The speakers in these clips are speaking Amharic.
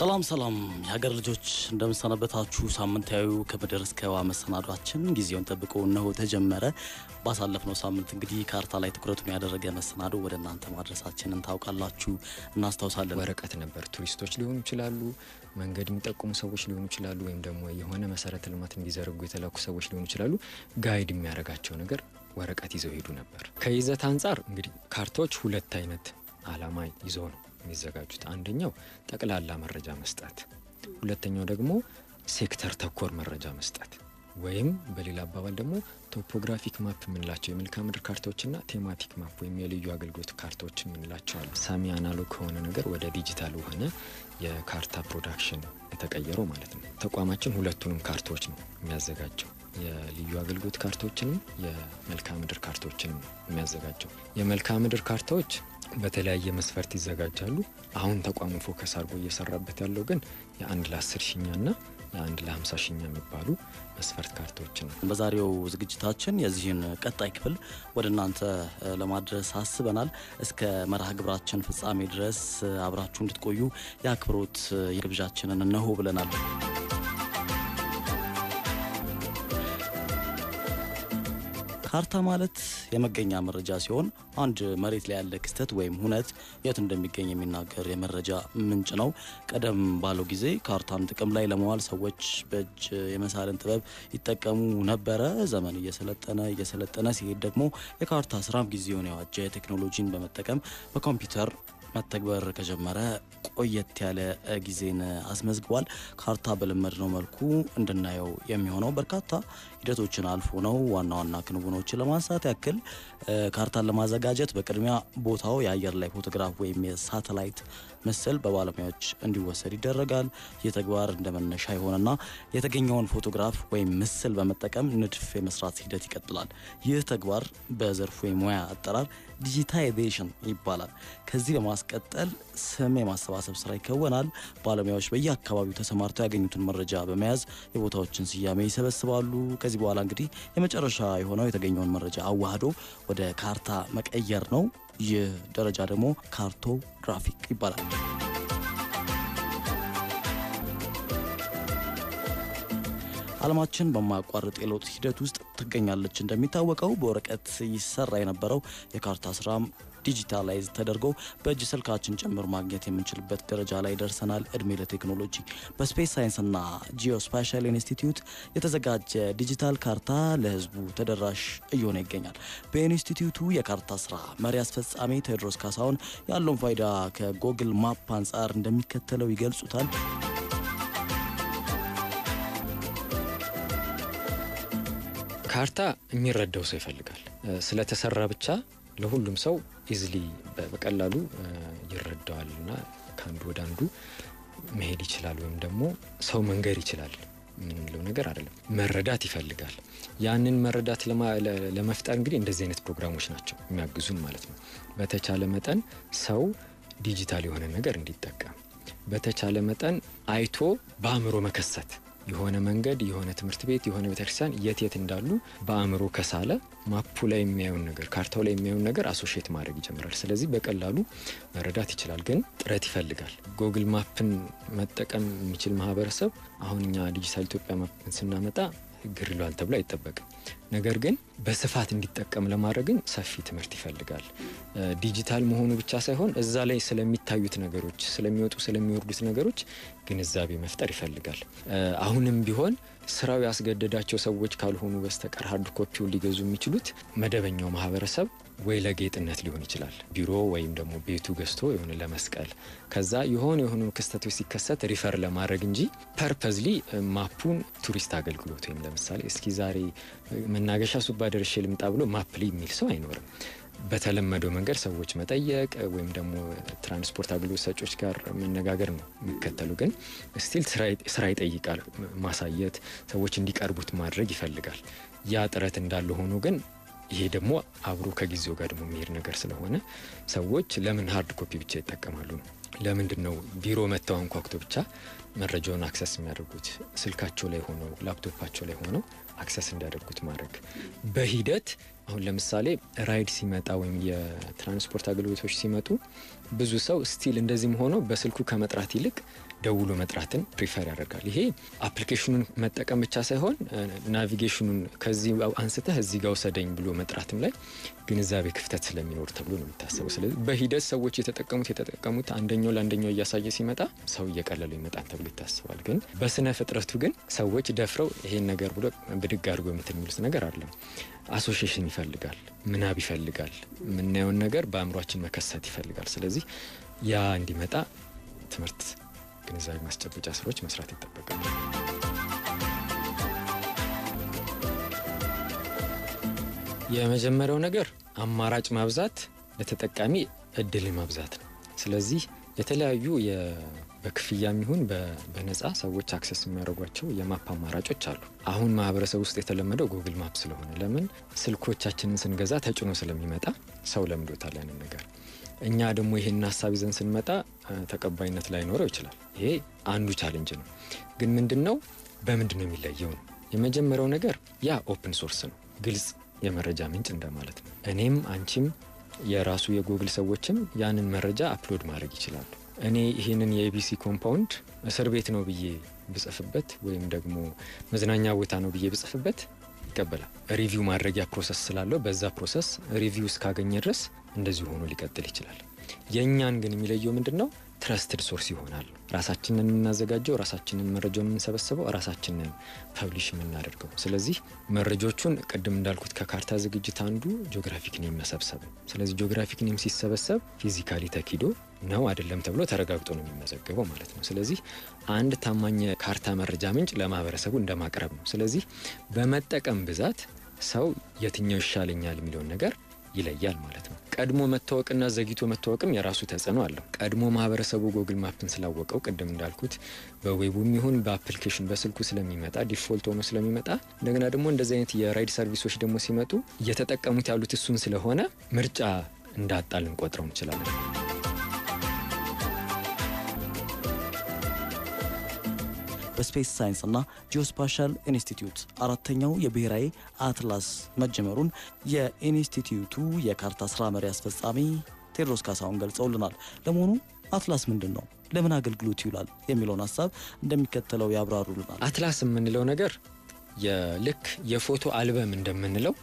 ሰላም ሰላም የሀገር ልጆች እንደምሰነበታችሁ ሳምንታዊ ከምድር እስከ ህዋ መሰናዷችን ጊዜውን ጠብቆ እነሆ ተጀመረ። ባሳለፍነው ሳምንት እንግዲህ ካርታ ላይ ትኩረቱን ያደረገ መሰናዶ ወደ እናንተ ማድረሳችንን ታውቃላችሁ፣ እናስታውሳለን። ወረቀት ነበር። ቱሪስቶች ሊሆኑ ይችላሉ፣ መንገድ የሚጠቁሙ ሰዎች ሊሆኑ ይችላሉ፣ ወይም ደግሞ የሆነ መሰረተ ልማት እንዲዘረጉ የተላኩ ሰዎች ሊሆኑ ይችላሉ። ጋይድ የሚያደርጋቸው ነገር ወረቀት ይዘው ሄዱ ነበር። ከይዘት አንጻር እንግዲህ ካርታዎች ሁለት አይነት አላማ ይዘው ነው የሚዘጋጁት። አንደኛው ጠቅላላ መረጃ መስጠት፣ ሁለተኛው ደግሞ ሴክተር ተኮር መረጃ መስጠት ወይም በሌላ አባባል ደግሞ ቶፖግራፊክ ማፕ የምንላቸው የመልክዓ ምድር ካርታዎችና ቴማቲክ ማፕ ወይም የልዩ አገልግሎት ካርታዎች የምንላቸዋል። ሰሚ አናሎግ ከሆነ ነገር ወደ ዲጂታል ሆነ የካርታ ፕሮዳክሽን የተቀየረው ማለት ነው። ተቋማችን ሁለቱንም ካርታዎች ነው የሚያዘጋጀው። የልዩ አገልግሎት ካርታዎችንም የመልክዓ ምድር ካርታዎችንም የሚያዘጋጀው። የመልክዓ ምድር ካርታዎች በተለያየ መስፈርት ይዘጋጃሉ። አሁን ተቋሙ ፎከስ አድርጎ እየሰራበት ያለው ግን የአንድ ለአስር ሽኛ ና የአንድ ለሀምሳ ሽኛ የሚባሉ መስፈርት ካርታዎች ነው። በዛሬው ዝግጅታችን የዚህን ቀጣይ ክፍል ወደ እናንተ ለማድረስ አስበናል። እስከ መርሃ ግብራችን ፍጻሜ ድረስ አብራችሁ እንድትቆዩ የአክብሮት የግብዣችንን እነሆ ብለናል። ካርታ ማለት የመገኛ መረጃ ሲሆን አንድ መሬት ላይ ያለ ክስተት ወይም ሁነት የት እንደሚገኝ የሚናገር የመረጃ ምንጭ ነው። ቀደም ባለው ጊዜ ካርታን ጥቅም ላይ ለመዋል ሰዎች በእጅ የመሳልን ጥበብ ይጠቀሙ ነበረ። ዘመን እየሰለጠነ እየሰለጠነ ሲሄድ ደግሞ የካርታ ስራም ጊዜውን የዋጀ ቴክኖሎጂን በመጠቀም በኮምፒውተር መተግበር ከጀመረ ቆየት ያለ ጊዜን አስመዝግቧል። ካርታ በለመድነው መልኩ እንድናየው የሚሆነው በርካታ ሂደቶችን አልፎ ነው ዋና ዋና ክንውኖችን ለማንሳት ያክል ካርታን ለማዘጋጀት በቅድሚያ ቦታው የአየር ላይ ፎቶግራፍ ወይም የሳተላይት ምስል በባለሙያዎች እንዲወሰድ ይደረጋል። ይህ ተግባር እንደመነሻ የሆነና የተገኘውን ፎቶግራፍ ወይም ምስል በመጠቀም ንድፍ የመስራት ሂደት ይቀጥላል። ይህ ተግባር በዘርፉ የሙያ አጠራር ዲጂታይዜሽን ይባላል። ከዚህ በማስቀጠል ስም የማሰባሰብ ስራ ይከወናል። ባለሙያዎች በየአካባቢው ተሰማርተው ያገኙትን መረጃ በመያዝ የቦታዎችን ስያሜ ይሰበስባሉ። ከዚህ በኋላ እንግዲህ የመጨረሻ የሆነው የተገኘውን መረጃ አዋህዶ ወደ ካርታ መቀየር ነው። ይህ ደረጃ ደግሞ ካርቶግራፊክ ይባላል። ዓለማችን በማያቋርጥ የለውጥ ሂደት ውስጥ ትገኛለች። እንደሚታወቀው በወረቀት ይሰራ የነበረው የካርታ ስራም ዲጂታላይዝ ተደርጎ በእጅ ስልካችን ጭምር ማግኘት የምንችልበት ደረጃ ላይ ደርሰናል። እድሜ ለቴክኖሎጂ። በስፔስ ሳይንስና ጂኦስፓሻል ኢንስቲትዩት የተዘጋጀ ዲጂታል ካርታ ለህዝቡ ተደራሽ እየሆነ ይገኛል። በኢንስቲትዩቱ የካርታ ስራ መሪ አስፈጻሚ ቴዎድሮስ ካሳሁን ያለውን ፋይዳ ከጎግል ማፕ አንጻር እንደሚከተለው ይገልጹታል። ካርታ የሚረዳው ሰው ይፈልጋል። ስለተሰራ ብቻ ለሁሉም ሰው ኢዝሊ በቀላሉ ይረዳዋል እና ከአንዱ ወደ አንዱ መሄድ ይችላል ወይም ደግሞ ሰው መንገድ ይችላል የምንለው ነገር አይደለም። መረዳት ይፈልጋል። ያንን መረዳት ለመፍጠር እንግዲህ እንደዚህ አይነት ፕሮግራሞች ናቸው የሚያግዙን ማለት ነው። በተቻለ መጠን ሰው ዲጂታል የሆነ ነገር እንዲጠቀም፣ በተቻለ መጠን አይቶ በአእምሮ መከሰት የሆነ መንገድ፣ የሆነ ትምህርት ቤት፣ የሆነ ቤተክርስቲያን የት የት እንዳሉ በአእምሮ ከሳለ ማፑ ላይ የሚያዩን ነገር፣ ካርታው ላይ የሚያዩን ነገር አሶሽት ማድረግ ይጀምራል። ስለዚህ በቀላሉ መረዳት ይችላል፣ ግን ጥረት ይፈልጋል። ጎግል ማፕን መጠቀም የሚችል ማህበረሰብ አሁን እኛ ዲጂታል ኢትዮጵያ ማፕን ስናመጣ ግር ተብሎ አይጠበቅም። ነገር ግን በስፋት እንዲጠቀም ለማድረግ ሰፊ ትምህርት ይፈልጋል። ዲጂታል መሆኑ ብቻ ሳይሆን እዛ ላይ ስለሚታዩት ነገሮች፣ ስለሚወጡ ስለሚወርዱት ነገሮች ግንዛቤ መፍጠር ይፈልጋል። አሁንም ቢሆን ስራው ያስገደዳቸው ሰዎች ካልሆኑ በስተቀር ሀርድ ኮፒውን ሊገዙ የሚችሉት መደበኛው ማህበረሰብ ወይ ለጌጥነት ሊሆን ይችላል፣ ቢሮ ወይም ደግሞ ቤቱ ገዝቶ የሆነ ለመስቀል ከዛ የሆኑ የሆኑ ክስተቶች ሲከሰት ሪፈር ለማድረግ እንጂ ፐርፐዝሊ ማፑን ቱሪስት አገልግሎት ወይም ለምሳሌ እስኪ ዛሬ መናገሻ ሱባ ደርሼ ልምጣ ብሎ ማፕሊ የሚል ሰው አይኖርም። በተለመደው መንገድ ሰዎች መጠየቅ ወይም ደግሞ ትራንስፖርት አገልግሎት ሰጮች ጋር መነጋገር ነው የሚከተሉ። ግን ስቲል ስራ ይጠይቃል። ማሳየት ሰዎች እንዲቀርቡት ማድረግ ይፈልጋል። ያ ጥረት እንዳለ ሆኖ ግን ይሄ ደግሞ አብሮ ከጊዜው ጋር ደግሞ የሚሄድ ነገር ስለሆነ ሰዎች ለምን ሀርድ ኮፒ ብቻ ይጠቀማሉ ለምንድን ነው ቢሮ መጥተው አንኳኩቶ ብቻ መረጃውን አክሰስ የሚያደርጉት? ስልካቸው ላይ ሆነው ላፕቶፓቸው ላይ ሆነው አክሰስ እንዲያደርጉት ማድረግ በሂደት አሁን ለምሳሌ ራይድ ሲመጣ ወይም የትራንስፖርት አገልግሎቶች ሲመጡ ብዙ ሰው ስቲል እንደዚህም ሆኖ በስልኩ ከመጥራት ይልቅ ደውሎ መጥራትን ፕሪፈር ያደርጋል። ይሄ አፕሊኬሽኑን መጠቀም ብቻ ሳይሆን ናቪጌሽኑን ከዚህ አንስተህ እዚህ ጋር ውሰደኝ ብሎ መጥራትም ላይ ግንዛቤ ክፍተት ስለሚኖር ተብሎ ነው የሚታሰበው። ስለዚህ በሂደት ሰዎች የተጠቀሙት የተጠቀሙት አንደኛው ለአንደኛው እያሳየ ሲመጣ ሰው እየቀለሉ ይመጣል ተብሎ ይታሰባል። ግን በስነ ፍጥረቱ ግን ሰዎች ደፍረው ይሄን ነገር ብሎ ብድግ አድርጎ የምትል የሚሉት ነገር አለም አሶሽሽን ይፈልጋል፣ ምናብ ይፈልጋል፣ የምናየውን ነገር በአእምሯችን መከሰት ይፈልጋል። ስለዚህ ያ እንዲመጣ ትምህርት የግንዛቤ ማስጨበጫ ስራዎች መስራት ይጠበቃል። የመጀመሪያው ነገር አማራጭ ማብዛት ለተጠቃሚ እድል ማብዛት ነው። ስለዚህ የተለያዩ በክፍያ የሚሆን በነጻ ሰዎች አክሰስ የሚያደርጓቸው የማፕ አማራጮች አሉ። አሁን ማህበረሰብ ውስጥ የተለመደው ጉግል ማፕ ስለሆነ ለምን ስልኮቻችንን ስንገዛ ተጭኖ ስለሚመጣ ሰው ለምዶታል ያንን ነገር እኛ ደግሞ ይህን ሀሳብ ይዘን ስንመጣ ተቀባይነት ላይኖረው ይችላል። ይሄ አንዱ ቻለንጅ ነው። ግን ምንድን ነው በምንድን ነው የሚለየው ነው የመጀመሪያው ነገር ያ ኦፕን ሶርስ ነው፣ ግልጽ የመረጃ ምንጭ እንደማለት ነው። እኔም አንቺም የራሱ የጉግል ሰዎችም ያንን መረጃ አፕሎድ ማድረግ ይችላሉ። እኔ ይህንን የኤቢሲ ኮምፓውንድ እስር ቤት ነው ብዬ ብጽፍበት ወይም ደግሞ መዝናኛ ቦታ ነው ብዬ ብጽፍበት ይቀበላል። ሪቪው ማድረጊያ ፕሮሰስ ስላለው በዛ ፕሮሰስ ሪቪው እስካገኘ ድረስ እንደዚህ ሆኖ ሊቀጥል ይችላል። የእኛን ግን የሚለየው ምንድን ነው? ትረስትድ ሶርስ ይሆናል። ራሳችንን የምናዘጋጀው፣ ራሳችንን መረጃው የምንሰበስበው፣ ራሳችንን ፐብሊሽ የምናደርገው። ስለዚህ መረጃዎቹን ቅድም እንዳልኩት ከካርታ ዝግጅት አንዱ ጂኦግራፊክ ኔም መሰብሰብ ስለዚህ ጂኦግራፊክ ኔም ሲሰበሰብ ፊዚካሊ ተኪዶ ነው አይደለም ተብሎ ተረጋግጦ ነው የሚመዘገበው ማለት ነው። ስለዚህ አንድ ታማኝ ካርታ መረጃ ምንጭ ለማህበረሰቡ እንደማቅረብ ነው። ስለዚህ በመጠቀም ብዛት ሰው የትኛው ይሻለኛል የሚለውን ነገር ይለያል ማለት ነው። ቀድሞ መታወቅና ዘግይቶ መታወቅም የራሱ ተጽዕኖ አለው። ቀድሞ ማህበረሰቡ ጎግል ማፕን ስላወቀው ቅድም እንዳልኩት በዌቡም ይሁን በአፕሊኬሽን በስልኩ ስለሚመጣ ዲፎልት ሆኖ ስለሚመጣ እንደገና ደግሞ እንደዚህ አይነት የራይድ ሰርቪሶች ደግሞ ሲመጡ እየተጠቀሙት ያሉት እሱን ስለሆነ ምርጫ እንዳጣ ልንቆጥረው እንችላለን። በስፔስ ሳይንስና ጂኦስፓሻል ኢንስቲትዩት አራተኛው የብሔራዊ አትላስ መጀመሩን የኢንስቲትዩቱ የካርታ ስራ መሪ አስፈጻሚ ቴዎድሮስ ካሳሁን ገልጸውልናል። ለመሆኑ አትላስ ምንድን ነው? ለምን አገልግሎት ይውላል? የሚለውን ሀሳብ እንደሚከተለው ያብራሩልናል። አትላስ የምንለው ነገር ልክ የፎቶ አልበም እንደምንለው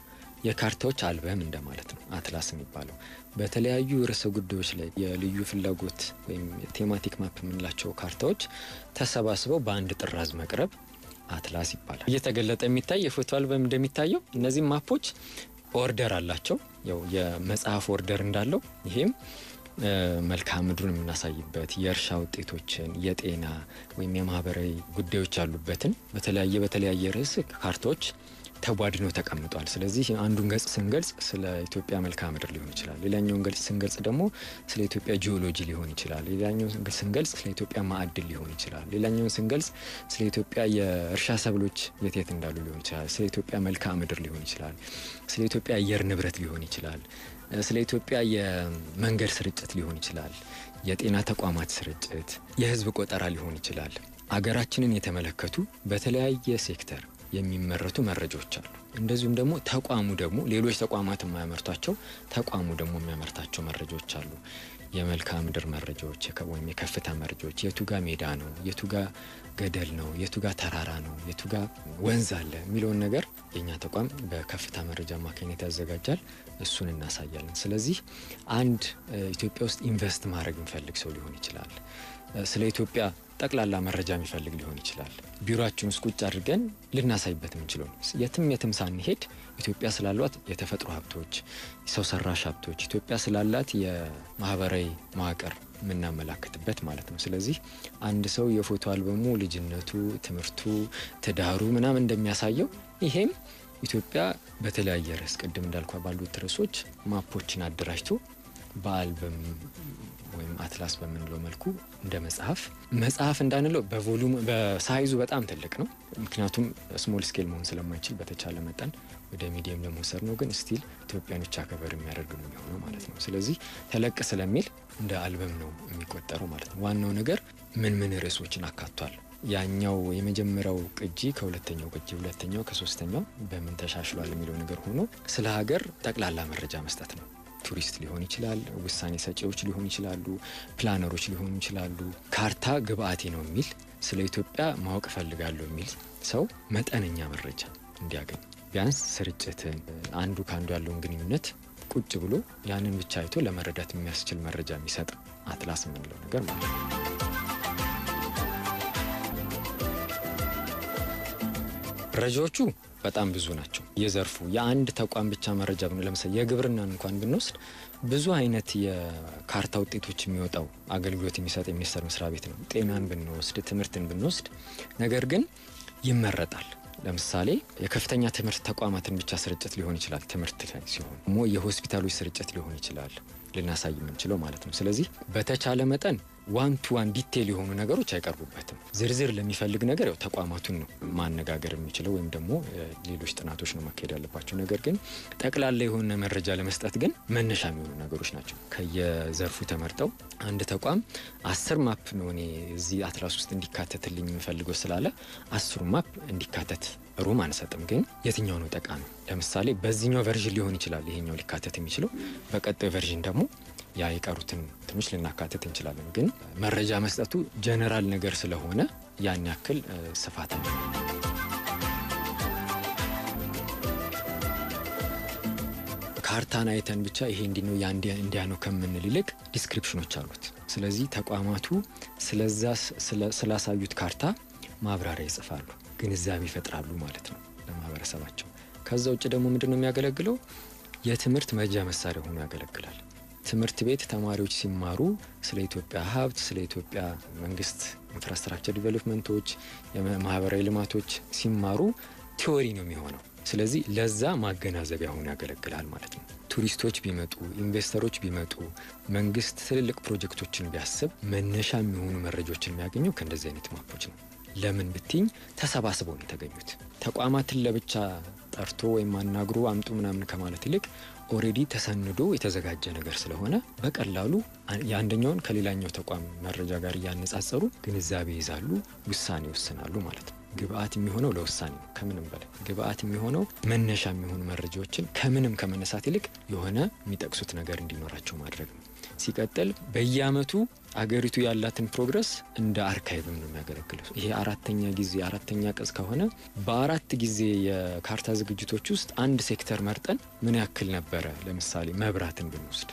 የካርታዎች አልበም እንደማለት ነው አትላስ የሚባለው። በተለያዩ ርዕሰ ጉዳዮች ላይ የልዩ ፍላጎት ወይም ቴማቲክ ማፕ የምንላቸው ካርታዎች ተሰባስበው በአንድ ጥራዝ መቅረብ አትላስ ይባላል። እየተገለጠ የሚታይ የፎቶ አልበም እንደሚታየው እነዚህም ማፖች ኦርደር አላቸው። ያው የመጽሐፍ ኦርደር እንዳለው ይሄም መልክዓ ምድሩን የምናሳይበት የእርሻ ውጤቶችን፣ የጤና ወይም የማህበራዊ ጉዳዮች ያሉበትን በተለያየ በተለያየ ርዕስ ካርታዎች ተቧድኖ ተቀምጧል። ስለዚህ አንዱን ገጽ ስንገልጽ ስለ ኢትዮጵያ መልክዓ ምድር ሊሆን ይችላል። ሌላኛውን ገጽ ስንገልጽ ደግሞ ስለ ኢትዮጵያ ጂኦሎጂ ሊሆን ይችላል። ሌላኛውን ስንገልጽ ስለ ኢትዮጵያ ማዕድን ሊሆን ይችላል። ሌላኛውን ስንገልጽ ስለ ኢትዮጵያ የእርሻ ሰብሎች የት የት እንዳሉ ሊሆን ይችላል። ስለ ኢትዮጵያ መልክዓ ምድር ሊሆን ይችላል። ስለ ኢትዮጵያ አየር ንብረት ሊሆን ይችላል። ስለ ኢትዮጵያ የመንገድ ስርጭት ሊሆን ይችላል። የጤና ተቋማት ስርጭት፣ የህዝብ ቆጠራ ሊሆን ይችላል። አገራችንን የተመለከቱ በተለያየ ሴክተር የሚመረቱ መረጃዎች አሉ። እንደዚሁም ደግሞ ተቋሙ ደግሞ ሌሎች ተቋማት የማያመርቷቸው ተቋሙ ደግሞ የሚያመርታቸው መረጃዎች አሉ። የመልክዓ ምድር መረጃዎች ወይም የከፍታ መረጃዎች፣ የቱጋ ሜዳ ነው፣ የቱጋ ገደል ነው፣ የቱጋ ተራራ ነው፣ የቱጋ ወንዝ አለ የሚለውን ነገር የእኛ ተቋም በከፍታ መረጃ አማካኝነት ያዘጋጃል። እሱን እናሳያለን። ስለዚህ አንድ ኢትዮጵያ ውስጥ ኢንቨስት ማድረግ የሚፈልግ ሰው ሊሆን ይችላል ስለ ኢትዮጵያ ጠቅላላ መረጃ የሚፈልግ ሊሆን ይችላል። ቢሮችን ውስጥ ቁጭ አድርገን ልናሳይበት የምንችለው የትም የትም ሳንሄድ ኢትዮጵያ ስላሏት የተፈጥሮ ሀብቶች፣ ሰው ሰራሽ ሀብቶች፣ ኢትዮጵያ ስላላት የማህበራዊ መዋቅር የምናመላክትበት ማለት ነው። ስለዚህ አንድ ሰው የፎቶ አልበሙ ልጅነቱ፣ ትምህርቱ፣ ትዳሩ ምናምን እንደሚያሳየው ይሄም ኢትዮጵያ በተለያየ ርዕስ ቅድም እንዳልኳ ባሉት ርዕሶች ማፖችን አደራጅቶ በአልበም ወይም አትላስ በምንለው መልኩ እንደ መጽሐፍ መጽሐፍ እንዳንለው በቮሉም በሳይዙ በጣም ትልቅ ነው። ምክንያቱም ስሞል ስኬል መሆን ስለማይችል በተቻለ መጠን ወደ ሚዲየም ለመውሰድ ነው። ግን ስቲል ኢትዮጵያን ብቻ ከበር የሚያደርግ ነው የሚሆነው ማለት ነው። ስለዚህ ተለቅ ስለሚል እንደ አልበም ነው የሚቆጠረው ማለት ነው። ዋናው ነገር ምን ምን ርዕሶችን አካቷል። ያኛው የመጀመሪያው ቅጂ ከሁለተኛው ቅጂ ሁለተኛው ከሶስተኛው በምን ተሻሽሏል የሚለው ነገር ሆኖ ስለ ሀገር ጠቅላላ መረጃ መስጠት ነው። ቱሪስት ሊሆን ይችላል፣ ውሳኔ ሰጪዎች ሊሆኑ ይችላሉ፣ ፕላነሮች ሊሆኑ ይችላሉ። ካርታ ግብአቴ ነው የሚል ስለ ኢትዮጵያ ማወቅ እፈልጋለሁ የሚል ሰው መጠነኛ መረጃ እንዲያገኝ ቢያንስ ስርጭትን፣ አንዱ ከአንዱ ያለውን ግንኙነት ቁጭ ብሎ ያንን ብቻ አይቶ ለመረዳት የሚያስችል መረጃ የሚሰጥ አትላስ የምንለው ነገር ማለት ነው። መረጃዎቹ በጣም ብዙ ናቸው። የዘርፉ የአንድ ተቋም ብቻ መረጃ ብን ለምሳሌ የግብርናን እንኳን ብንወስድ ብዙ አይነት የካርታ ውጤቶች የሚወጣው አገልግሎት የሚሰጥ የሚኒስቴር መስሪያ ቤት ነው። ጤናን ብንወስድ፣ ትምህርትን ብንወስድ፣ ነገር ግን ይመረጣል። ለምሳሌ የከፍተኛ ትምህርት ተቋማትን ብቻ ስርጭት ሊሆን ይችላል። ትምህርት ላይ ሲሆን ሞ የሆስፒታሎች ስርጭት ሊሆን ይችላል ልናሳይ የምንችለው ማለት ነው። ስለዚህ በተቻለ መጠን ዋን ቱ ዋን ዲቴል የሆኑ ነገሮች አይቀርቡበትም። ዝርዝር ለሚፈልግ ነገር ያው ተቋማቱን ነው ማነጋገር የሚችለው ወይም ደግሞ ሌሎች ጥናቶች ነው ማካሄድ ያለባቸው። ነገር ግን ጠቅላላ የሆነ መረጃ ለመስጠት ግን መነሻ የሚሆኑ ነገሮች ናቸው ከየዘርፉ ተመርጠው አንድ ተቋም አስር ማፕ ነው እኔ እዚህ አትላስ ውስጥ እንዲካተትልኝ የምፈልገው ስላለ አስሩ ማፕ እንዲካተት ሩም አንሰጥም። ግን የትኛው ነው ጠቃሚ? ለምሳሌ በዚህኛው ቨርዥን ሊሆን ይችላል ይሄኛው ሊካተት የሚችለው በቀጣዩ ቨርዥን ደግሞ ያ የቀሩትን ትንሽ ልናካትት እንችላለን። ግን መረጃ መስጠቱ ጀነራል ነገር ስለሆነ ያን ያክል ስፋት ካርታን አይተን ብቻ ይሄ እንዲ ነው እንዲያ ነው ከምንል ይልቅ ዲስክሪፕሽኖች አሉት። ስለዚህ ተቋማቱ ስለዛ ስላሳዩት ካርታ ማብራሪያ ይጽፋሉ፣ ግንዛቤ ይፈጥራሉ ማለት ነው ለማህበረሰባቸው። ከዛ ውጭ ደግሞ ምንድን ነው የሚያገለግለው? የትምህርት መጃ መሳሪያ ሆኖ ያገለግላል። ትምህርት ቤት ተማሪዎች ሲማሩ ስለ ኢትዮጵያ ሀብት፣ ስለ ኢትዮጵያ መንግስት ኢንፍራስትራክቸር ዲቨሎፕመንቶች፣ የማህበራዊ ልማቶች ሲማሩ ቲዎሪ ነው የሚሆነው። ስለዚህ ለዛ ማገናዘቢያ ሆኖ ያገለግላል ማለት ነው። ቱሪስቶች ቢመጡ፣ ኢንቨስተሮች ቢመጡ፣ መንግስት ትልልቅ ፕሮጀክቶችን ቢያስብ መነሻ የሚሆኑ መረጃዎችን የሚያገኘው ከእንደዚህ አይነት ማፖች ነው። ለምን ብትኝ ተሰባስበው ነው የተገኙት። ተቋማትን ለብቻ ጠርቶ ወይም አናግሮ አምጡ ምናምን ከማለት ይልቅ ኦሬዲ ተሰንዶ የተዘጋጀ ነገር ስለሆነ በቀላሉ የአንደኛውን ከሌላኛው ተቋም መረጃ ጋር እያነጻጸሩ ግንዛቤ ይዛሉ፣ ውሳኔ ይወስናሉ ማለት ነው። ግብአት የሚሆነው ለውሳኔ ነው። ከምንም በላይ ግብአት የሚሆነው መነሻ የሚሆኑ መረጃዎችን ከምንም ከመነሳት ይልቅ የሆነ የሚጠቅሱት ነገር እንዲኖራቸው ማድረግ ነው። ሲቀጥል በየአመቱ አገሪቱ ያላትን ፕሮግረስ እንደ አርካይቭም ነው የሚያገለግለው። ይሄ አራተኛ ጊዜ አራተኛ ቅጽ ከሆነ በአራት ጊዜ የካርታ ዝግጅቶች ውስጥ አንድ ሴክተር መርጠን ምን ያክል ነበረ? ለምሳሌ መብራትን ብንወስድ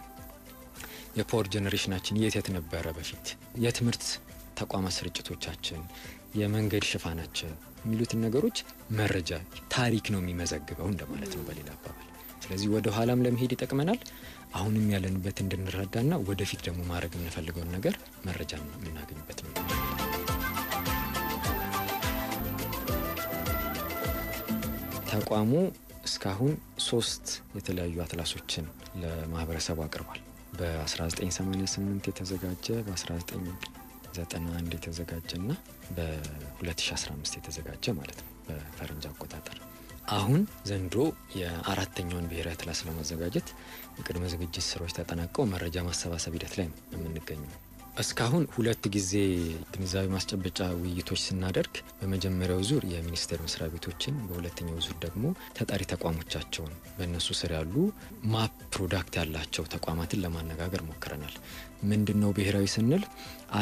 የፖወር ጀኔሬሽናችን የት የት ነበረ በፊት፣ የትምህርት ተቋማት ስርጭቶቻችን፣ የመንገድ ሽፋናችን የሚሉትን ነገሮች መረጃ ታሪክ ነው የሚመዘግበው እንደማለት ነው በሌላ አባባል። ስለዚህ ወደ ኋላም ለመሄድ ይጠቅመናል። አሁንም ያለንበት እንድንረዳ ና ወደፊት ደግሞ ማድረግ የምንፈልገውን ነገር መረጃ የምናገኝበት ነው። ተቋሙ እስካሁን ሶስት የተለያዩ አትላሶችን ለማህበረሰቡ አቅርቧል። በ1988 የተዘጋጀ በ1991 የተዘጋጀ እና በ2015 የተዘጋጀ ማለት ነው በፈረንጅ አቆጣጠር አሁን ዘንድሮ የአራተኛውን ብሔራዊ አትላስ ለማዘጋጀት የቅድመ ዝግጅት ስራዎች ተጠናቀው መረጃ ማሰባሰብ ሂደት ላይ የምንገኘው። እስካሁን ሁለት ጊዜ ግንዛቤ ማስጨበጫ ውይይቶች ስናደርግ በመጀመሪያው ዙር የሚኒስቴር መስሪያ ቤቶችን፣ በሁለተኛው ዙር ደግሞ ተጠሪ ተቋሞቻቸውን በእነሱ ስር ያሉ ማፕ ፕሮዳክት ያላቸው ተቋማትን ለማነጋገር ሞክረናል። ምንድን ነው ብሔራዊ ስንል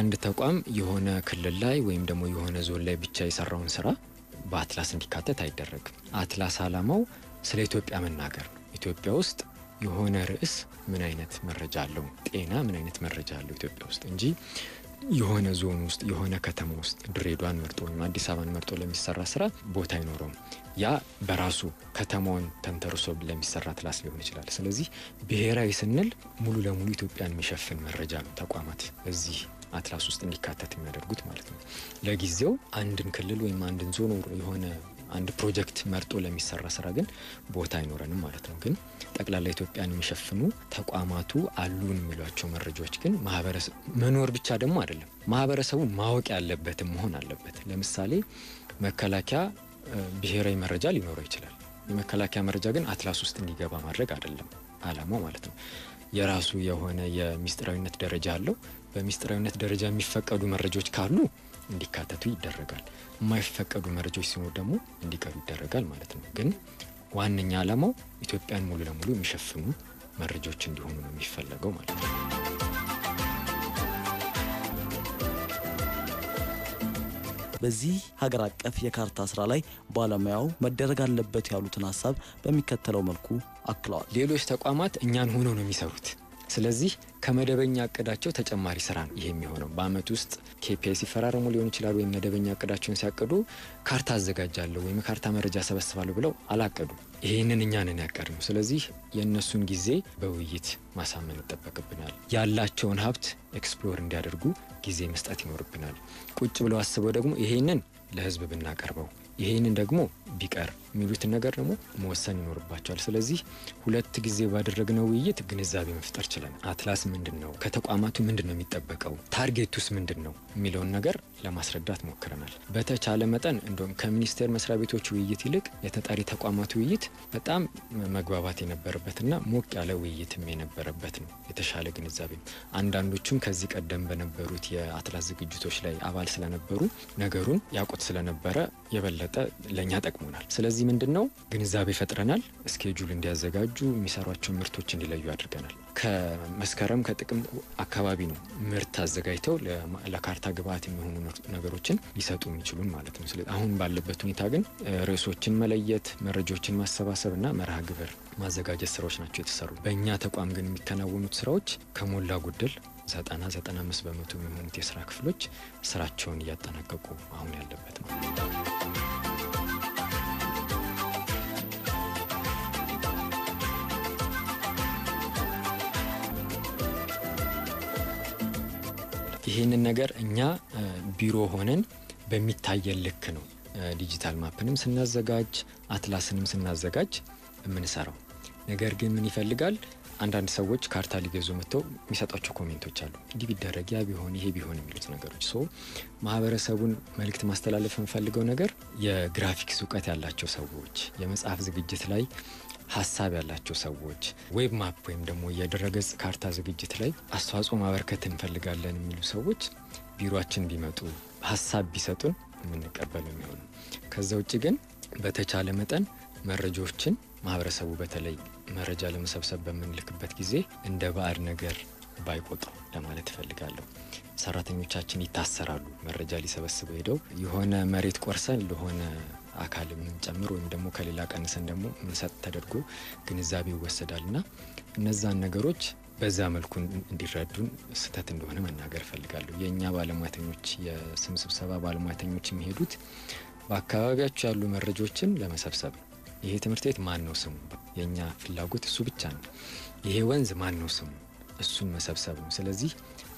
አንድ ተቋም የሆነ ክልል ላይ ወይም ደግሞ የሆነ ዞን ላይ ብቻ የሰራውን ስራ በአትላስ እንዲካተት አይደረግም። አትላስ ዓላማው ስለ ኢትዮጵያ መናገር ነው። ኢትዮጵያ ውስጥ የሆነ ርዕስ ምን አይነት መረጃ አለው፣ ጤና ምን አይነት መረጃ አለው ኢትዮጵያ ውስጥ እንጂ የሆነ ዞን ውስጥ የሆነ ከተማ ውስጥ ድሬዷን መርጦ ወይም አዲስ አበባን መርጦ ለሚሰራ ስራ ቦታ አይኖረውም። ያ በራሱ ከተማውን ተንተርሶ ለሚሰራ ትላስ ሊሆን ይችላል። ስለዚህ ብሔራዊ ስንል ሙሉ ለሙሉ ኢትዮጵያን የሚሸፍን መረጃ ነው። ተቋማት እዚህ አትላስ ውስጥ እንዲካተት የሚያደርጉት ማለት ነው። ለጊዜው አንድን ክልል ወይም አንድን ዞን የሆነ አንድ ፕሮጀክት መርጦ ለሚሰራ ስራ ግን ቦታ አይኖረንም ማለት ነው። ግን ጠቅላላ ኢትዮጵያን የሚሸፍኑ ተቋማቱ አሉን የሚሏቸው መረጃዎች ግን ማህበረሰብ መኖር ብቻ ደግሞ አይደለም፣ ማህበረሰቡ ማወቅ ያለበትም መሆን አለበት። ለምሳሌ መከላከያ ብሔራዊ መረጃ ሊኖረው ይችላል። የመከላከያ መረጃ ግን አትላስ ውስጥ እንዲገባ ማድረግ አይደለም አላማው ማለት ነው። የራሱ የሆነ የሚስጥራዊነት ደረጃ አለው። በሚስጥራዊነት ደረጃ የሚፈቀዱ መረጃዎች ካሉ እንዲካተቱ ይደረጋል። የማይፈቀዱ መረጃዎች ሲኖሩ ደግሞ እንዲቀሩ ይደረጋል ማለት ነው። ግን ዋነኛ ዓላማው ኢትዮጵያን ሙሉ ለሙሉ የሚሸፍኑ መረጃዎች እንዲሆኑ ነው የሚፈለገው ማለት ነው። በዚህ ሀገር አቀፍ የካርታ ስራ ላይ ባለሙያው መደረግ አለበት ያሉትን ሀሳብ በሚከተለው መልኩ አክለዋል። ሌሎች ተቋማት እኛን ሆነው ነው የሚሰሩት ስለዚህ ከመደበኛ እቅዳቸው ተጨማሪ ስራ ነው ይሄ የሚሆነው። በአመት ውስጥ ኬፒአይ ሲፈራረሙ ሊሆን ይችላል፣ ወይም መደበኛ እቅዳቸውን ሲያቅዱ ካርታ አዘጋጃለሁ ወይም ካርታ መረጃ ሰበስባለሁ ብለው አላቀዱ። ይህንን እኛ ነን ያቀድ ነው። ስለዚህ የእነሱን ጊዜ በውይይት ማሳመን ይጠበቅብናል። ያላቸውን ሀብት ኤክስፕሎር እንዲያደርጉ ጊዜ መስጠት ይኖርብናል። ቁጭ ብለው አስበው ደግሞ ይሄንን ለህዝብ ብናቀርበው ይሄንን ደግሞ ቢቀር የሚሉትን ነገር ደግሞ መወሰን ይኖርባቸዋል። ስለዚህ ሁለት ጊዜ ባደረግነው ውይይት ግንዛቤ መፍጠር ችለን አትላስ ምንድን ነው፣ ከተቋማቱ ምንድን ነው የሚጠበቀው፣ ታርጌቱስ ምንድን ነው የሚለውን ነገር ለማስረዳት ሞክረናል። በተቻለ መጠን እንዲሁም ከሚኒስቴር መስሪያ ቤቶች ውይይት ይልቅ የተጠሪ ተቋማት ውይይት በጣም መግባባት የነበረበትና ሞቅ ያለ ውይይትም የነበረበት ነው። የተሻለ ግንዛቤ አንዳንዶቹም ከዚህ ቀደም በነበሩት የአትላስ ዝግጅቶች ላይ አባል ስለነበሩ ነገሩን ያውቁት ስለነበረ የበለጠ ለእኛ ጠቅሞናል። ስለዚህ ስለዚህ ምንድን ነው ግንዛቤ ፈጥረናል። እስኬጁል እንዲያዘጋጁ የሚሰሯቸውን ምርቶች እንዲለዩ አድርገናል። ከመስከረም ከጥቅም አካባቢ ነው ምርት አዘጋጅተው ለካርታ ግብአት የሚሆኑ ነገሮችን ሊሰጡ የሚችሉን ማለት ነው። ስለዚህ አሁን ባለበት ሁኔታ ግን ርዕሶችን መለየት፣ መረጃዎችን ማሰባሰብ እና መርሃ ግብር ማዘጋጀት ስራዎች ናቸው የተሰሩ። በእኛ ተቋም ግን የሚከናወኑት ስራዎች ከሞላ ጎደል 90 95 በመቶ የሚሆኑት የስራ ክፍሎች ስራቸውን እያጠናቀቁ አሁን ያለበት ነው። ይህንን ነገር እኛ ቢሮ ሆነን በሚታየን ልክ ነው ዲጂታል ማፕንም ስናዘጋጅ አትላስንም ስናዘጋጅ የምንሰራው። ነገር ግን ምን ይፈልጋል አንዳንድ ሰዎች ካርታ ሊገዙ መጥተው የሚሰጧቸው ኮሜንቶች አሉ። እንዲህ ቢደረግ ያ ቢሆን ይሄ ቢሆን የሚሉት ነገሮች ሶ ማህበረሰቡን መልእክት ማስተላለፍ የምፈልገው ነገር የግራፊክስ እውቀት ያላቸው ሰዎች የመጽሐፍ ዝግጅት ላይ ሀሳብ ያላቸው ሰዎች ዌብ ማፕ ወይም ደግሞ የድረገጽ ካርታ ዝግጅት ላይ አስተዋጽኦ ማበርከት እንፈልጋለን የሚሉ ሰዎች ቢሮችን ቢመጡ ሀሳብ ቢሰጡን የምንቀበል የሚሆኑ ከዛ ውጭ ግን በተቻለ መጠን መረጃዎችን ማህበረሰቡ በተለይ መረጃ ለመሰብሰብ በምንልክበት ጊዜ እንደ ባዕድ ነገር ባይቆጥሩ ለማለት እፈልጋለሁ። ሰራተኞቻችን ይታሰራሉ። መረጃ ሊሰበስቡ ሄደው የሆነ መሬት ቆርሰን ለሆነ አካል የምንጨምር ወይም ደግሞ ከሌላ ቀንሰን ደግሞ እንሰጥ ተደርጎ ግንዛቤ ይወሰዳል እና እነዛን ነገሮች በዛ መልኩ እንዲረዱን ስህተት እንደሆነ መናገር እፈልጋለሁ። የእኛ ባለሙያተኞች የስም ስብሰባ ባለሙያተኞች የሚሄዱት በአካባቢያቸው ያሉ መረጃዎችን ለመሰብሰብ ነው። ይሄ ትምህርት ቤት ማን ነው ስሙ? የእኛ ፍላጎት እሱ ብቻ ነው። ይሄ ወንዝ ማን ነው ስሙ? እሱን መሰብሰብ ነው። ስለዚህ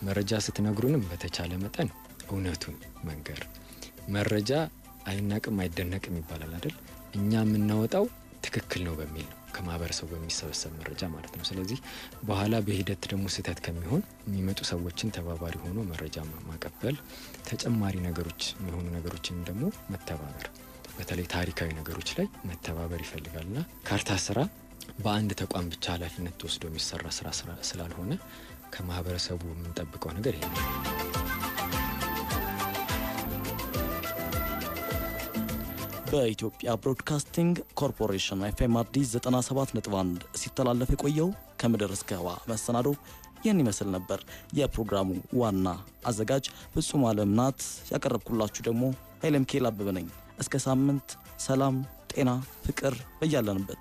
መረጃ ስትነግሩንም በተቻለ መጠን እውነቱን መንገር መረጃ አይናቅም አይደነቅም ይባላል አይደል? እኛ የምናወጣው ትክክል ነው በሚል ነው ከማህበረሰቡ በሚሰበሰብ መረጃ ማለት ነው። ስለዚህ በኋላ በሂደት ደግሞ ስህተት ከሚሆን የሚመጡ ሰዎችን ተባባሪ ሆኖ መረጃ ማቀበል፣ ተጨማሪ ነገሮች የሚሆኑ ነገሮችን ደግሞ መተባበር፣ በተለይ ታሪካዊ ነገሮች ላይ መተባበር ይፈልጋልና ካርታ ስራ በአንድ ተቋም ብቻ ኃላፊነት ተወስዶ የሚሰራ ስራ ስላልሆነ ከማህበረሰቡ የምንጠብቀው ነገር ይሄ ነው። በኢትዮጵያ ብሮድካስቲንግ ኮርፖሬሽን ኤፍኤም አዲስ 97.1 ሲተላለፍ የቆየው ከምድር እስከ ህዋ መሰናዶ ይህን ይመስል ነበር። የፕሮግራሙ ዋና አዘጋጅ ፍጹም አለም ናት። ያቀረብኩላችሁ ደግሞ ኃይለ ሚካኤል አበበ ነኝ። እስከ ሳምንት ሰላም፣ ጤና፣ ፍቅር በያለንበት